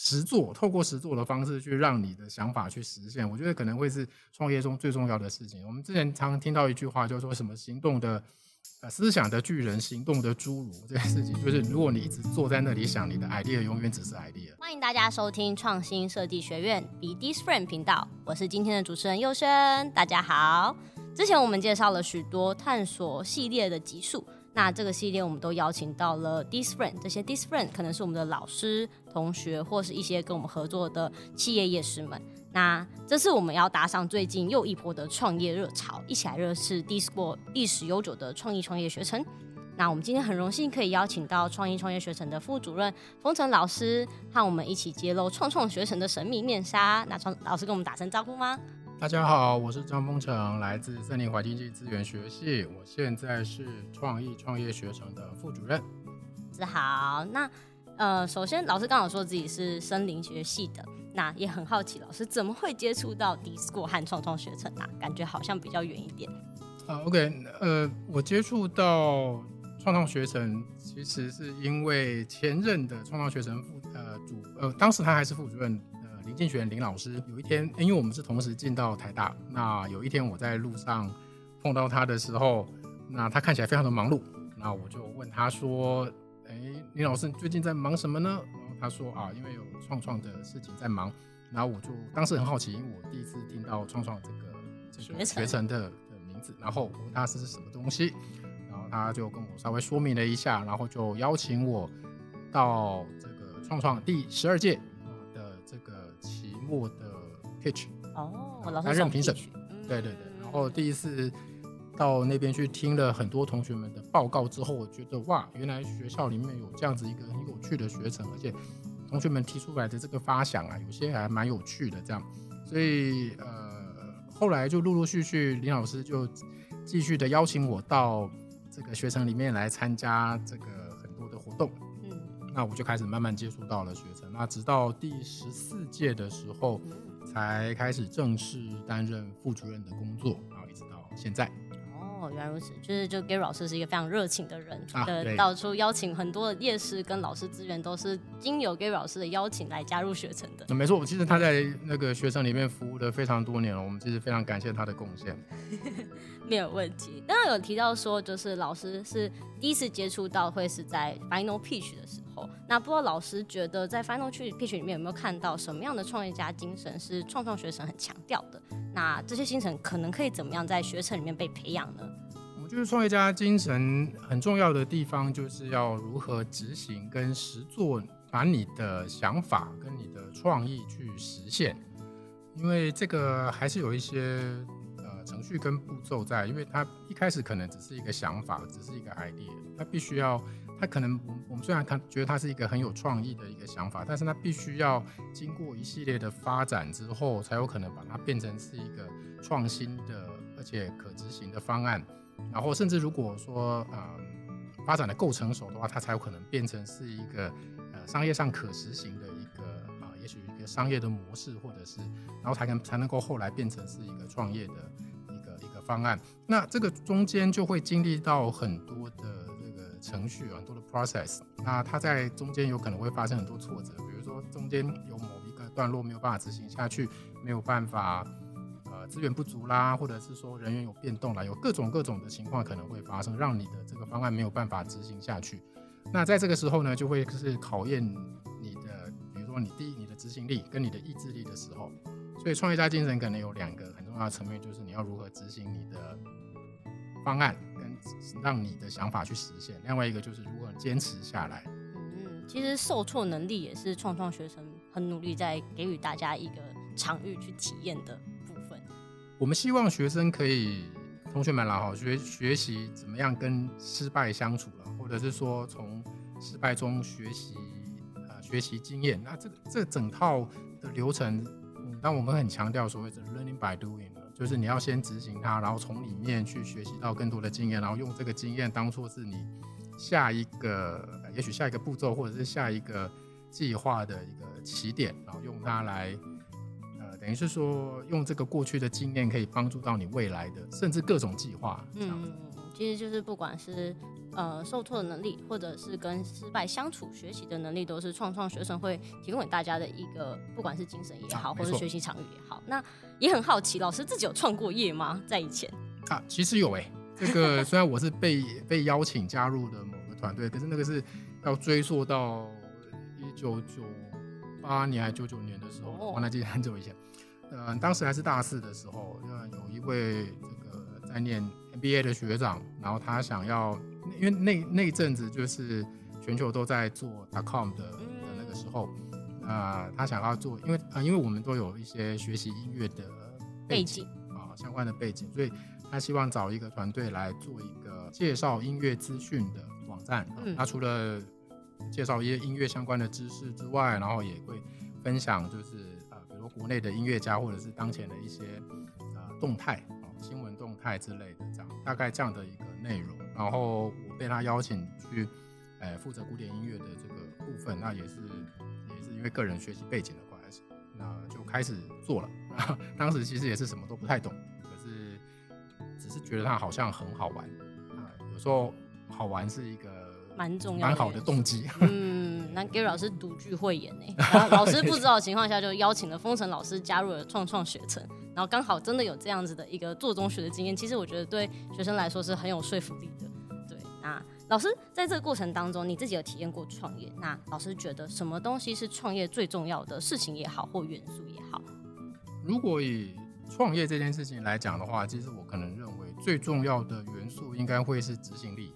實作，透過實作的方式去讓你的想法去實現，我覺得可能會是創業中最重要的事情。我們之前常常聽到一句話，就是說什麼行動的、呃，思想的巨人，行動的侏儒。這件事情就是，如果你一直坐在那裡想，你的 idea 永遠只是 idea。歡迎大家收聽創新設計學院 D 是 Friend 頻道，我是今天的主持人佑瑄，大家好。之前我們介紹了許多探索系列的集數，那這個系列我們都邀請到了 D 是 Friend 這些 D 是 Friend 可能是我們的老師。同學或是一些跟我們合作的企業業師們，那這次我們要搭上最近又一波的創業熱潮，一起來認識 D-School 歷史悠久的創意創業學程。那我們今天很榮幸可以邀請到創意創業學程的副主任豐丞老師，和我們一起揭露創創學程的神秘面紗。那張老師跟我們打聲招呼嗎？大家好，我是張豐丞來自森林環境暨資源學系，我現在是創意創業學程的副主任。那好，那。呃，首先老師剛好說自己是森林學系的，那也很好奇老師怎麼會接觸到 D-School 和創創學程啊？感覺好像比較遠一點。啊、uh，OK，呃，我接觸到創創學程，其實是因為前任的創創學程副呃主呃，當時他還是副主任呃林進玄林老師，有一天，因為我們是同時進到台大，那有一天我在路上碰到他的時候，那他看起來非常的忙碌，那我就問他說。哎、欸，李老師最近在忙什麼呢？然後他說啊，因為有創創的事情在忙，然後我就當時很好奇，我第一次聽到創創這個這個學程的，的名字，然後我問他是什麼東西，然後他就跟我稍微說明了一下，然後就邀請我到這個創創第十二屆的這個期末的 pitch 哦，擔任評審、嗯，對對對，然後第一次。到那邊去聽了很多同學們的報告之後，我覺得哇，原來學校裡面有這樣子一個很有趣的學程，而且同學們提出來的這個發想啊，有些還蠻有趣的這樣，所以呃，後來就陸陸續續續，林老師就繼續的邀請我到這個學程裡面來參加這個很多的活動，嗯，那我就開始慢慢接觸到了學程，那直到第十四屆的時候，嗯，才開始正式擔任副主任的工作，然後一直到現在。原來如此，就是就 Gary 老師是一個非常熱情的人，啊、到處邀請很多的業師跟老師資源，都是經由 Gary 老師的邀請來加入學城的。那沒錯，其實他在那個學程裡面服務了非常多年了，我們其實非常感謝他的貢獻。 沒有問題。剛剛有提到說，就是老師是第一次接觸到，會是在 Final Pitch 的時候。那不知道老師覺得在 Final Pitch 裡面有沒有看到什麼樣的創業家精神是創創學程很強調的？那這些精神可能可以怎麼樣在學程裡面被培養呢？我覺得創業家精神很重要的地方就是要如何執行跟實作，把你的想法跟你的創意去實現，因為這個還是有一些呃程序跟步驟在，因為它一開始可能只是一個想法，只是一個 idea，它必須要。它可能，我們雖然看覺得它是一個很有創意的一個想法，但是它必須要經過一系列的發展之後，才有可能把它變成是一個創新的，而且可執行的方案。然後甚至如果說，呃、發展的夠成熟的話，它才有可能變成是一個呃商業上可執行的一個啊、呃，也許一個商業的模式，或者是，然後才能才能夠後來變成是一個創業的一個一個，一個方案。那這個中間就會經歷到很多的。程序，有很多的 process，那它在中間有可能會發生很多挫折，比如說中間有某一個段落沒有辦法執行下去，沒有辦法，呃，資源不足啦，或者是說人員有變動啦，有各種各種的情況可能會發生，讓你的這個方案沒有辦法執行下去。那在這個時候呢，就會是考驗你的，比如說你第一，你的執行力跟你的意志力的時候，所以創業家精神可能有兩個很重要的層面，就是你要如何執行你的方案。讓你的想法去實現。另外一個就是如何堅持下來。嗯，其實受挫能力也是創創學生很努力在給予大家一個場域去體驗的部分。我們希望學生可以，同學們了好學學習怎麼樣跟失敗相處了、啊，或者是說從失敗中學習啊、呃，學習經驗。那這個這整套的流程，嗯，那我們很強調所謂的 learning by doing。就是你要先執行它，然後從裡面去學習到更多的經驗，然後用這個經驗當做是你下一個，呃，也許下一個步驟或者是下一個計劃的一個起點，然後用它來，呃，等於是說用這個過去的經驗可以幫助到你未來的，甚至各種計劃。嗯，其實就是不管是。呃，受挫的能力，或者是跟失敗相處、學習的能力，都是創創學生會提供給大家的一個，不管是精神也好，啊、或者學習場域也好。那也很好奇，老師自己有創過業嗎？在以前啊，其實有哎、欸。這個雖然我是被 被邀請加入的某個團隊，可是那個是要追溯到一九九八年還是九九年的時候，哦、我還記得很久以前。呃，當時還是大四的時候，那有一位這個在念。MBA 的學長，然後他想要，因為那那陣子就是全球都在做 .com 的的那個時候，啊、嗯呃，他想要做，因為啊、呃，因為我們都有一些學習音樂的背景啊、哦，相關的背景，所以他希望找一個團隊來做一個介紹音樂資訊的網站。他、哦嗯啊、除了介紹一些音樂相關的知識之外，然後也會分享，就是啊、呃，比如說國內的音樂家或者是當前的一些啊、呃、動態。派之類的這樣，大概這樣的一個內容，然後我被他邀請去，負、欸、責古典音樂的這個部分，那也是也是因為個人學習背景的關係，那就開始做了、啊。當時其實也是什麼都不太懂，可是只是覺得他好像很好玩，啊、有時候好玩是一個蠻重要蠻好的動機。嗯，那 Gary 老師獨具慧眼呢？老師不知道的情況下就邀請了豐丞老師加入了創創學程。然後剛好真的有這樣子的一個做中學的經驗，其實我覺得對學生來說是很有說服力的。對，那老師在這個過程當中，你自己有體驗過創業，那老師覺得什麼東西是創業最重要的事情也好，或元素也好？如果以創業這件事情來講的話，其實我可能認為最重要的元素應該會是執行力。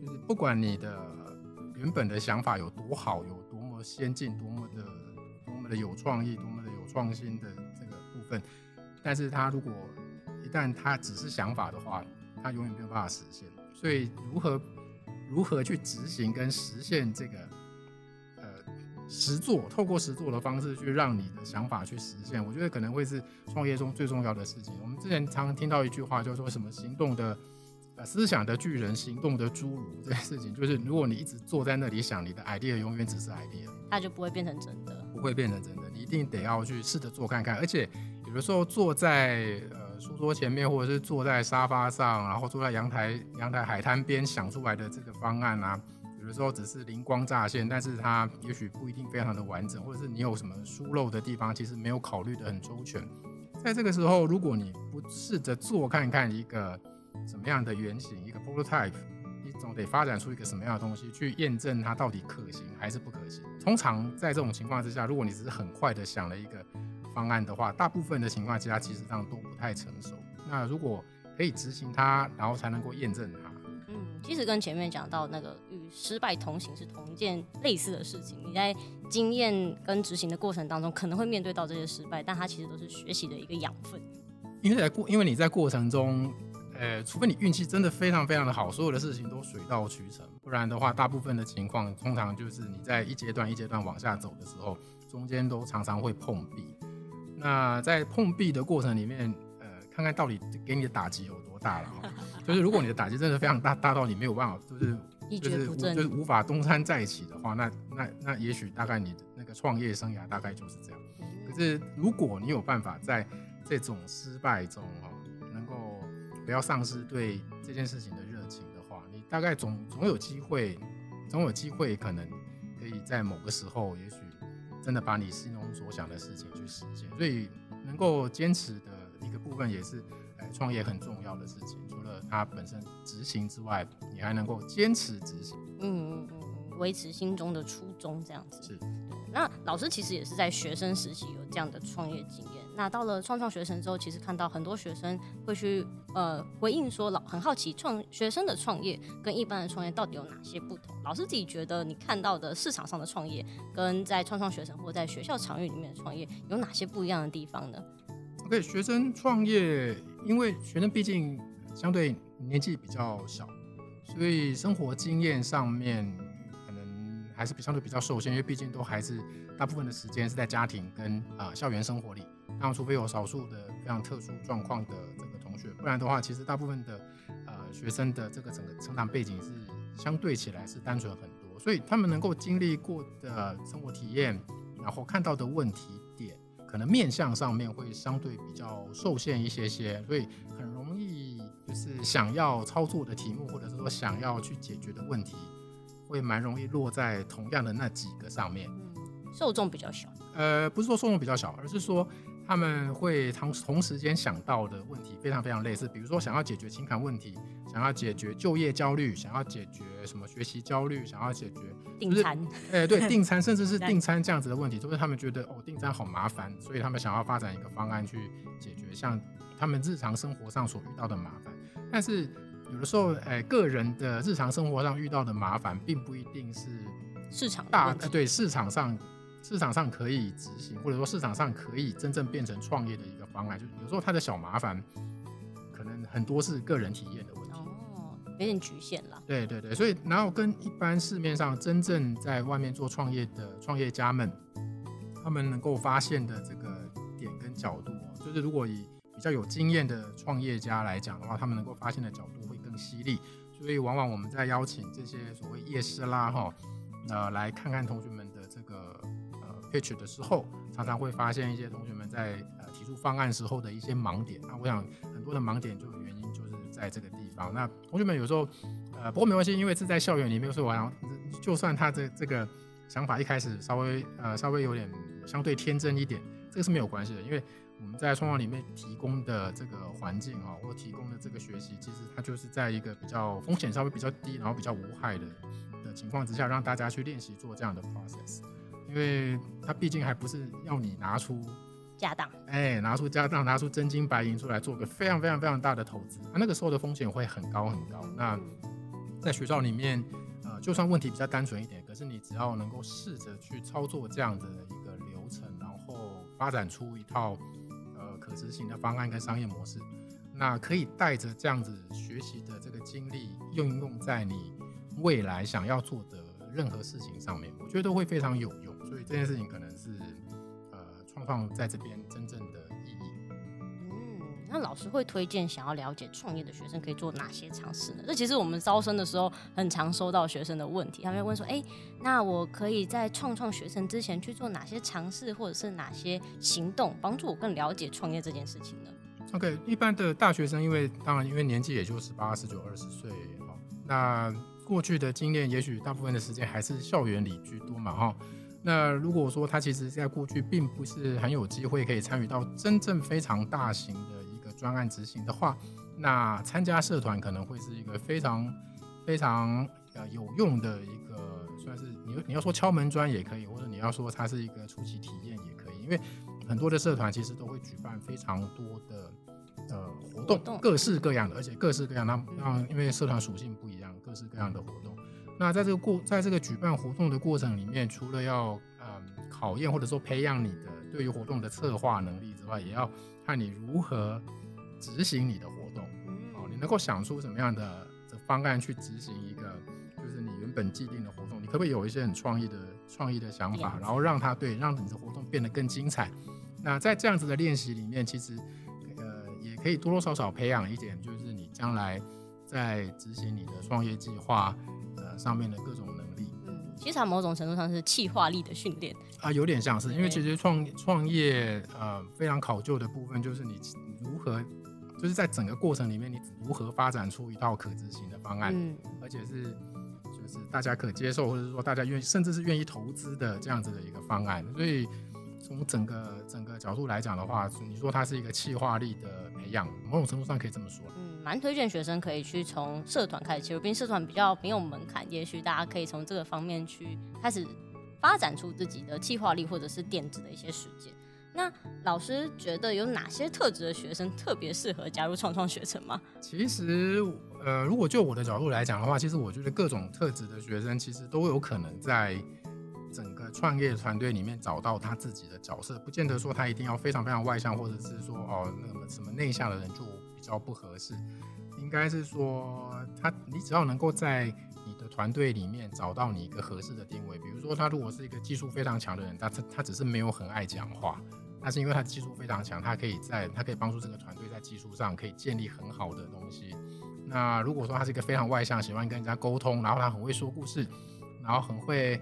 就是不管你的原本的想法有多好，有多麼先進，多麼的多麼的有創意，多麼的有創新的。但是他如果一旦他只是想法的話，他永遠沒有辦法實現。所以如何如何去執行跟實現這個呃實作，透過實作的方式去讓你的想法去實現，我覺得可能會是創業中最重要的事情。我們之前常常聽到一句話，就是說什麼行動的呃思想的巨人，行動的侏儒這件事情，就是如果你一直坐在那裡想，你的 idea 永遠只是 idea，他就不會變成真的，不會變成真的，你一定得要去試着做看看，而且。比如說坐在呃書桌前面，或者是坐在沙發上，然後坐在陽台陽台、海灘邊想出來的這個方案啊，比如說只是靈光乍現，但是它也許不一定非常的完整，或者是你有什麼疏漏的地方，其實沒有考慮的很周全。在這個時候，如果你不試着做看看一個什麼樣的原型，一個 prototype，你總得發展出一個什麼樣的東西去驗證它到底可行還是不可行。通常在這種情況之下，如果你只是很快的想了一個。方案的話，大部分的情況下其、其實上都不太成熟。那如果可以執行它，然後才能夠驗證它。嗯，其實跟前面講到那個與失敗同行是同一件類似的事情。你在經驗跟執行的過程當中，可能會面對到這些失敗，但它其實都是學習的一個養分。因為在過，因為你在過程中，呃，除非你運氣真的非常非常的好，所有的事情都水到渠成，不然的話，大部分的情況通常就是你在一階段一階段往下走的時候，中間都常常會碰壁。那在碰壁的過程裡面，呃，看看到底給你的打擊有多大了哈。 就是如果你的打擊真的非常大，大到你沒有辦法，就是就是就是無法東山再起的話，那那那也許大概你的那個創業生涯大概就是這樣。可是如果你有辦法在這種失敗中啊，能夠不要喪失對這件事情的熱情的話，你大概總總有機會，總有機會可能可以在某個時候也許。真的把你心中所想的事情去實現，所以能夠堅持的一個部分也是，欸、創業很重要的事情。除了它本身執行之外，你還能夠堅持執行，嗯嗯嗯，維持心中的初衷這樣子。是對，那老師其實也是在學生時期有這樣的創業經驗。那到了創創學程之後，其實看到很多學生會去。呃，回應說老很好奇創學生的創業跟一般的創業到底有哪些不同？老師自己覺得你看到的市場上的創業跟在創創學程或在學校場域裡面的創業有哪些不一樣的地方呢？OK，學生創業，因為學生畢竟相對年紀比較小，所以生活經驗上面可能還是比，相對比較受限，因為畢竟都還是大部分的時間是在家庭跟啊、呃、校園生活裡，那除非有少數的非常特殊狀況的。不然的話，其實大部分的呃學生的這個整個成長背景是相對起來是單純很多，所以他們能夠經歷過的生活體驗，然後看到的問題點，可能面向上面會相對比較受限一些些，所以很容易就是想要操作的題目，或者是說想要去解決的問題，會蠻容易落在同樣的那幾個上面。受眾比較小。呃，不是說受眾比較小，而是說。他們會同同時間想到的問題非常非常類似，比如說想要解決情感問題，想要解決就業焦慮，想要解決什麼學習焦慮，想要解決訂、就是、餐，誒、 欸，對，訂餐，甚至是訂餐這樣子的問題，都、就是他們覺得哦，訂餐好麻煩，所以他們想要發展一個方案去解決像他們日常生活上所遇到的麻煩。但是有的時候，誒、欸，個人的日常生活上遇到的麻煩並不一定是市場大，對市場上。市場上可以執行，或者說市場上可以真正變成創業的一個方案，就有時候它的小麻煩可能很多是個人體驗的問題哦，有點局限了。對對對，所以然後跟一般市面上真正在外面做創業的創業家們，他們能夠發現的這個點跟角度，就是如果以比較有經驗的創業家來講的話，他們能夠發現的角度會更犀利。所以往往我們在邀請這些所謂業師啦哈，呃，來看看同學們的這個。Pitch 的時候，常常會發現一些同學們在呃提出方案時候的一些盲點啊。我想很多的盲點就原因就是在這個地方。那同學們有時候，呃，不過沒關係，因為是在校園裡面，所以我想，就算他這這個想法一開始稍微呃稍微有點相對天真一點，這個是沒有關係的，因為我們在創創裡面提供的這個環境啊，或、喔、提供的這個學習，其實它就是在一個比較風險稍微比較低，然後比較無害的的情況之下，讓大家去練習做這樣的 process。因為他畢竟還不是要你拿出家當，哎，拿出家當，拿出真金白銀出來做個非常非常非常大的投資，啊，那個時候的風險會很高很高。那在學校裡面，呃，就算問題比較單純一點，可是你只要能夠試着去操作這樣的一個流程，然後發展出一套，呃，可執行的方案跟商業模式，那可以帶着這樣子學習的這個經歷，應用在你未來想要做的任何事情上面，我覺得會非常有用。所以這件事情可能是，呃，創創在這邊真正的意義。嗯，那老師會推薦想要了解創業的學生可以做哪些嘗試呢？這其實我們招生的時候很常收到學生的問題，他們會問說：“誒，那我可以在創創學生之前去做哪些嘗試，或者是哪些行動，幫助我更了解創業這件事情呢？” OK，一般的大學生，因為當然因為年紀也就十八、十九、二十歲，哈、哦，那過去的經驗也許大部分的時間還是校園裡居多嘛，哈、哦。那如果說他其實，在過去並不是很有機會可以參與到真正非常大型的一個專案執行的話，那參加社團可能會是一個非常非常呃有用的一個，算是你你要說敲門磚也可以，或者你要說它是一個初期體驗也可以，因為很多的社團其實都會舉辦非常多的呃活動，各式各樣的，而且各式各樣，那、嗯、那因為社團屬性不一樣，各式各樣的活動。那在這個過在這個舉辦活動的過程裡面，除了要嗯考驗或者說培養你的對於活動的策劃能力之外，也要看你如何執行你的活動。好，你能夠想出什麼樣的的方案去執行一個就是你原本既定的活動？你可不可以有一些很創意的創意的想法，嗯、然後讓它對，讓你的活動變得更精彩？那在這樣子的練習裡面，其實呃也可以多多少少培養一點，就是你將來在執行你的創業計劃。上面的各種能力，嗯，其實它某種程度上是企劃力的訓練、嗯、啊，有點像是，因為其實創創業呃非常考究的部分就是你如何，就是在整個過程裡面你如何發展出一套可執行的方案，嗯，而且是就是大家可接受或者是說大家願意甚至是願意投資的這樣子的一個方案，所以從整個整個角度來講的話，你說它是一個企劃力的培養，某種程度上可以這麼說。嗯。蠻推薦學生可以去從社團開始，比畢竟社團比較沒有門檻，也許大家可以從這個方面去開始發展出自己的計劃力或者是點子的一些實踐。那老師覺得有哪些特質的學生特別適合加入創創學程嗎？其實，呃，如果就我的角度來講的話，其實我覺得各種特質的學生其實都有可能在整個創業團隊裡面找到他自己的角色，不見得說他一定要非常非常外向，或者是說哦，那麼什麼內向的人就。比較不合適，應該是說他，你只要能夠在你的團隊裡面找到你一個合適的定位。比如說，他如果是一個技術非常強的人，他他只是沒有很愛講話，那是因為他技術非常強，他可以在他可以幫助這個團隊在技術上可以建立很好的東西。那如果說他是一個非常外向，喜歡跟人家溝通，然後他很會說故事，然後很會。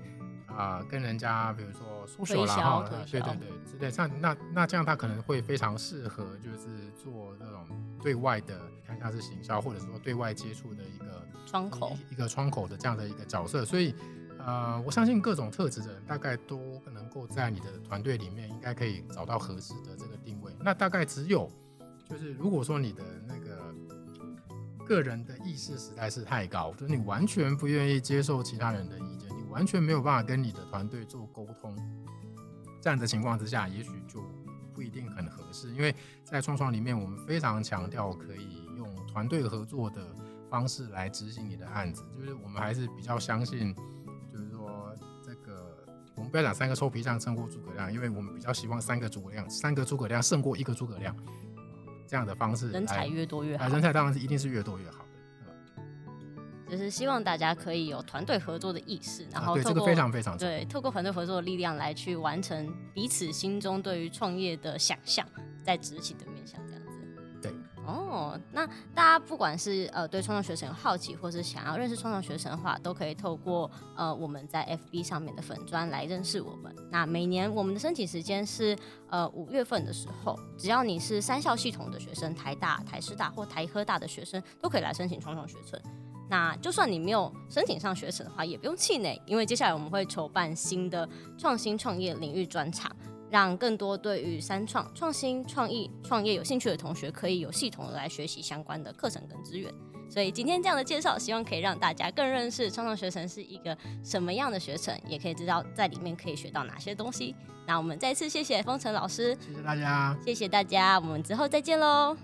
啊、呃，跟人家比如說銷售了對對對，對像那那這樣他可能會非常適合，就是做這種對外的，看他是行銷或者說對外接觸的一個窗口一個，一個窗口的這樣的一個角色。所以，呃，我相信各種特質的人大概都能夠在你的團隊裡面應該可以找到合適的這個定位。那大概只有就是如果說你的那個個人的意識實在是太高，就是你完全不願意接受其他人的意見。完全沒有辦法跟你的團隊做溝通，這樣的情況之下，也許就不一定很合適。因為在創創裡面，我們非常強調可以用團隊合作的方式來執行你的案子，就是我們還是比較相信，就是說這個我們不要講三個臭皮匠勝過諸葛亮，因為我們比較希望三個諸葛亮，三個諸葛亮勝過一個諸葛亮，嗯，這樣的方式，人才越多越好。人才當然是一定是越多越好。就是希望大家可以有團隊合作的意識，然後透過、啊對這個、非常非常對，透過團隊合作的力量來去完成彼此心中對於創業的想象在執行的面向這樣子。對，哦，那大家不管是呃對創創學程有好奇，或是想要認識創創學程的話，都可以透過呃我們在 FB 上面的粉專來認識我們。那每年我們的申請時間是呃五月份的時候，只要你是三校系統的學生，台大、台師大或台科大的學生都可以來申請創創學程。那就算你沒有申請上學程的話，也不用氣餒，因為接下來我們會籌辦新的創新創業領域專場，讓更多對於三創、創新創業、創業有興趣的同學，可以有系統的來學習相關的課程跟資源。所以今天這樣的介紹，希望可以讓大家更認識創創學程是一個什麼樣的學程，也可以知道在裡面可以學到哪些東西。那我們再次謝謝豐丞老師，謝謝大家，謝謝大家，我們之後再見嘍。